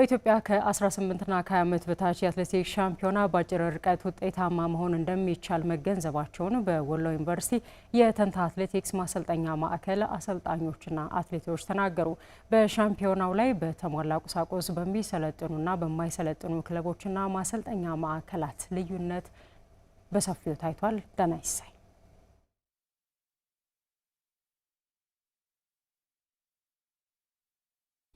በኢትዮጵያ ከ18ና ከ20 ዓመት በታች የአትሌቲክስ ሻምፒዮና በአጭር ርቀት ውጤታማ መሆን እንደሚቻል መገንዘባቸውን በወሎ ዩኒቨርሲቲ የተንታ አትሌቲክስ ማሰልጠኛ ማዕከል አሰልጣኞችና አትሌቶች ተናገሩ። በሻምፒዮናው ላይ በተሟላ ቁሳቁስ በሚሰለጥኑና በማይሰለጥኑ ክለቦችና ማሰልጠኛ ማዕከላት ልዩነት በሰፊው ታይቷል። ደና ይሳይ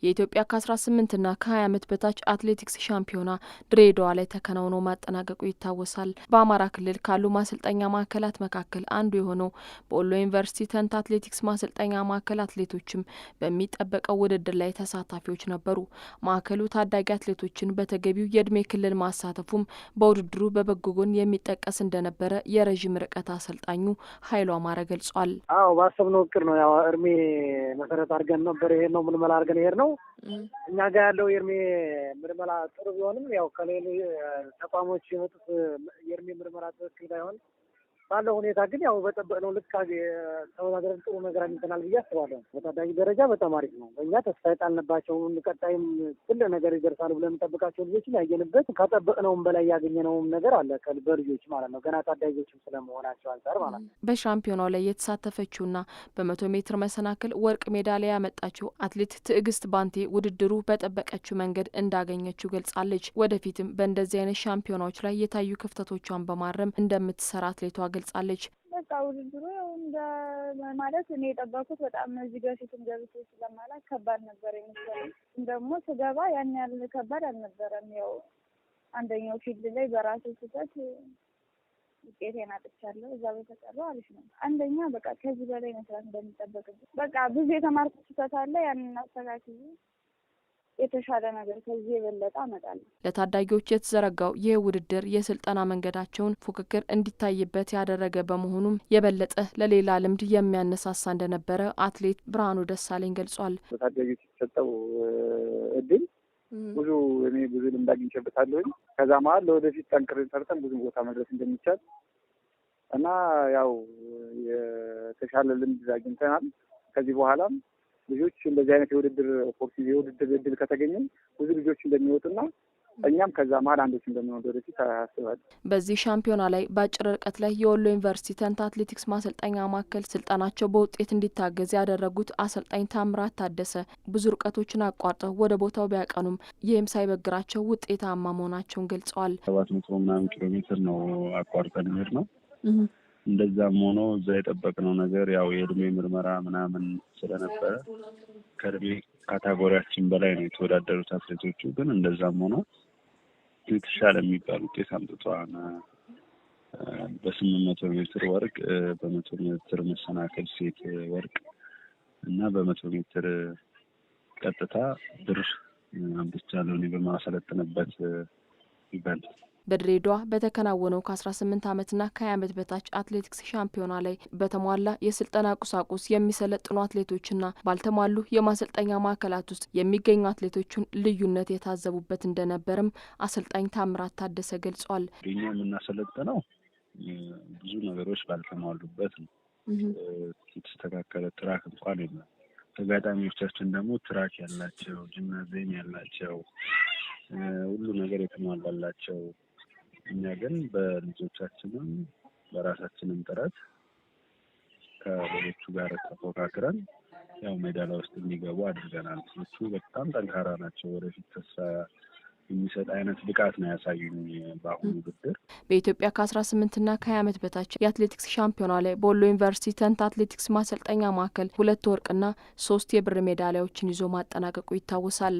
የኢትዮጵያ ከ18ና ከ20 ዓመት በታች አትሌቲክስ ሻምፒዮና ድሬዳዋ ላይ ተከናውኖ ማጠናቀቁ ይታወሳል። በአማራ ክልል ካሉ ማሰልጠኛ ማዕከላት መካከል አንዱ የሆነው በወሎ ዩኒቨርሲቲ ተንት አትሌቲክስ ማሰልጠኛ ማዕከል አትሌቶችም በሚጠበቀው ውድድር ላይ ተሳታፊዎች ነበሩ። ማዕከሉ ታዳጊ አትሌቶችን በተገቢው የእድሜ ክልል ማሳተፉም በውድድሩ በበጎ ጎን የሚጠቀስ እንደነበረ የረዥም ርቀት አሰልጣኙ ሀይሉ አማረ ገልጿል። አዎ ባሰብነው እቅድ ነው ያው እድሜ መሰረት አድርገን ነበር ይሄ ነው ምልመላ አድርገን ይሄድ ነው እኛ ጋር ያለው የእድሜ ምርመራ ጥሩ ቢሆንም ያው ከሌሎች ተቋሞች የመጡት የእድሜ ምርመራ ትክክል ባይሆን ባለው ሁኔታ ግን ያው ነው ልክ ተወዳደረን ጥሩ ነገር አግኝተናል ብዬ አስባለሁ። በታዳጊ ደረጃ በጣም አሪፍ ነው። በኛ ተስፋ የጣልንባቸው ቀጣይም ትልቅ ነገር ይደርሳሉ ብለን የምንጠብቃቸው ልጆችን ያየንበት ከጠበቅነውም በላይ ያገኘነውም ነገር አለ በልጆች ማለት ነው። ገና ታዳጊዎችም ስለመሆናቸው አንጻር ማለት ነው። በሻምፒዮናው ላይ የተሳተፈችውና በመቶ ሜትር መሰናክል ወርቅ ሜዳሊያ ያመጣችው አትሌት ትዕግስት ባንቴ ውድድሩ በጠበቀችው መንገድ እንዳገኘችው ገልጻለች። ወደፊትም በእንደዚህ አይነት ሻምፒዮናዎች ላይ የታዩ ክፍተቶቿን በማረም እንደምትሰራ አትሌቷ ገልጻለች። በቃ ውድድሩ እንደ ማለት እኔ የጠበኩት በጣም እዚህ በፊትም ገብቼ ስለማላት ከባድ ነበር የመሰለኝ። ደግሞ ስገባ ያን ያህል ከባድ አልነበረም። ያው አንደኛው ፊልድ ላይ በራሱ ስህተት ውጤቴን አጥቻለሁ። እዛ በተቀረው አሪፍ ነው። አንደኛ በቃ ከዚህ በላይ መስራት እንደሚጠበቅብኝ በቃ ብዙ የተማርኩት ስህተት አለ ያንን አስተካክዬ የተሻለ ነገር ከዚህ የበለጠ አመጣለሁ። ለታዳጊዎች የተዘረጋው ይህ ውድድር የስልጠና መንገዳቸውን ፉክክር እንዲታይበት ያደረገ በመሆኑም የበለጠ ለሌላ ልምድ የሚያነሳሳ እንደነበረ አትሌት ብርሃኑ ደሳለኝ ገልጿል። ለታዳጊዎች የተሰጠው እድል ብዙ እኔ ብዙ ልምድ አግኝቼበታለሁኝ። ከዛ መሀል ለወደፊት ጠንክር ሰርተን ብዙ ቦታ መድረስ እንደሚቻል እና ያው የተሻለ ልምድ አግኝተናል። ከዚህ በኋላም ልጆች እንደዚህ አይነት የውድድር ኦፖርቹኒቲ የውድድር እድል ከተገኘም ብዙ ልጆች እንደሚወጡና እኛም ከዛ መሀል አንዶች እንደምንሆን ወደፊት አስባለሁ። በዚህ ሻምፒዮና ላይ በአጭር ርቀት ላይ የወሎ ዩኒቨርሲቲ ተንታ አትሌቲክስ ማሰልጠኛ ማዕከል ስልጠናቸው በውጤት እንዲታገዝ ያደረጉት አሰልጣኝ ታምራት ታደሰ ብዙ ርቀቶችን አቋርጠው ወደ ቦታው ቢያቀኑም ይህም ሳይበግራቸው ውጤታማ መሆናቸውን ገልጸዋል። ሰባት መቶ ምናምን ኪሎ ሜትር ነው አቋርጠን የሚሄድ ነው እንደዛም ሆኖ እዛ የጠበቅነው ነገር ያው የእድሜ ምርመራ ምናምን ስለነበረ ከእድሜ ካታጎሪያችን በላይ ነው የተወዳደሩት አትሌቶቹ። ግን እንደዛም ሆኖ የተሻለ የሚባል ውጤት አምጥቷን በስምንት መቶ ሜትር ወርቅ፣ በመቶ ሜትር መሰናክል ሴት ወርቅ እና በመቶ ሜትር ቀጥታ ብር አምጥቻለሁ እኔ በማሰለጥንበት ይበል በድሬዳዋ በተከናወነው ከ18 ዓመትና ከ20 ዓመት በታች አትሌቲክስ ሻምፒዮና ላይ በተሟላ የስልጠና ቁሳቁስ የሚሰለጥኑ አትሌቶችና ባልተሟሉ የማሰልጠኛ ማዕከላት ውስጥ የሚገኙ አትሌቶቹን ልዩነት የታዘቡበት እንደነበርም አሰልጣኝ ታምራት ታደሰ ገልጿል። እኛ የምናሰለጥነው ብዙ ነገሮች ባልተሟሉበት ነው። የተስተካከለ ትራክ እንኳን የለም። ተጋጣሚዎቻችን ደግሞ ትራክ ያላቸው፣ ጂምናዚየም ያላቸው፣ ሁሉ ነገር የተሟላላቸው እኛ ግን በልጆቻችንም በራሳችንም ጥረት ከሌሎቹ ጋር ተፎካክረን ያው ሜዳሊያ ውስጥ እንዲገቡ አድርገናል። ልጆቹ በጣም ጠንካራ ናቸው። ወደፊት ተስፋ የሚሰጥ አይነት ብቃት ነው ያሳዩኝ። በአሁኑ ውድድር በኢትዮጵያ ከአስራ ና ከሀያ ዓመት በታች የአትሌቲክስ ሻምፒዮና ላይ በወሎ ዩኒቨርሲቲ ተንት አትሌቲክስ ማሰልጠኛ ማዕከል ሁለት ወርቅና ሶስት የብር ሜዳሊያዎችን ይዞ ማጠናቀቁ ይታወሳል።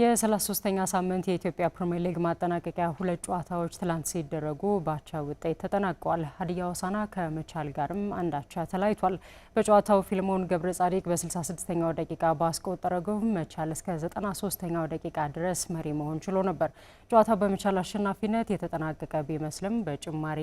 የ33ኛ ሳምንት የኢትዮጵያ ፕሪምየር ሊግ ማጠናቀቂያ ሁለት ጨዋታዎች ትላንት ሲደረጉ በአቻ ውጤት ተጠናቀዋል። ሀዲያ ሆሳዕና ከመቻል ጋርም አንዳቻ ተለያይቷል። በጨዋታው ፊልሞን ገብረ ጻዲቅ በ66ኛው ደቂቃ ባስቆጠረ ግብ መቻል እስከ 93ኛው ደቂቃ ድረስ መሪ መሆን ችሎ ነበር። ጨዋታው በመቻል አሸናፊነት የተጠናቀቀ ቢመስልም በጭማሪ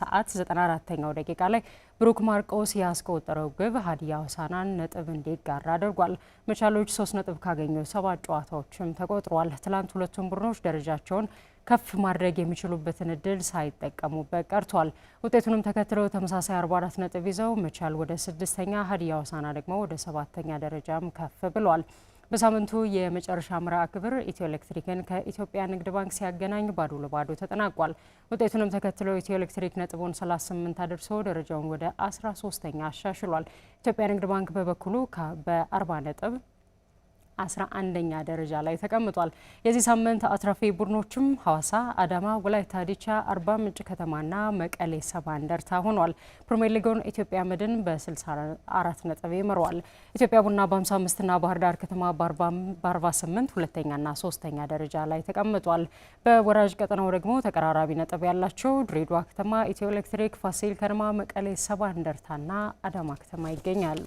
ሰዓት 94ኛው ደቂቃ ላይ ብሩክ ማርቆስ ያስቆጠረው ግብ ሀዲያ ሆሳዕናን ነጥብ እንዲጋራ አድርጓል። መቻሎች ሶስት ነጥብ ካገኙ ሰባት ጨዋታዎችም ተቆጥሯል። ትላንት ሁለቱም ቡድኖች ደረጃቸውን ከፍ ማድረግ የሚችሉበትን እድል ሳይጠቀሙበት ቀርቷል። ውጤቱንም ተከትለው ተመሳሳይ 44 ነጥብ ይዘው መቻል ወደ ስድስተኛ፣ ሀዲያ ሆሳዕና ደግሞ ወደ ሰባተኛ ደረጃም ከፍ ብሏል። በሳምንቱ የመጨረሻ መርሃ ግብር ኢትዮ ኤሌክትሪክን ከኢትዮጵያ ንግድ ባንክ ሲያገናኝ ባዶ ለባዶ ተጠናቋል። ውጤቱንም ተከትሎ ኢትዮ ኤሌክትሪክ ነጥቡን 38 አድርሶ ደረጃውን ወደ 13ኛ አሻሽሏል። ኢትዮጵያ ንግድ ባንክ በበኩሉ በ40 ነጥብ አስራ አንደኛ ደረጃ ላይ ተቀምጧል። የዚህ ሳምንት አትራፊ ቡድኖችም ሐዋሳ፣ አዳማ፣ ወላይታ ዲቻ፣ አርባ ምንጭ ከተማና መቀሌ ሰባ እንደርታ ሆኗል። ፕሪሚየር ሊጉን ኢትዮጵያ መድን በ64 ነጥብ ይመሯል። ኢትዮጵያ ቡና በ55ና ባህር ዳር ከተማ በ48 ሁለተኛና ሶስተኛ ደረጃ ላይ ተቀምጧል። በወራጅ ቀጠናው ደግሞ ተቀራራቢ ነጥብ ያላቸው ድሬዳዋ ከተማ፣ ኢትዮ ኤሌክትሪክ፣ ፋሲል ከነማ፣ መቀሌ ሰባ እንደርታና አዳማ ከተማ ይገኛሉ።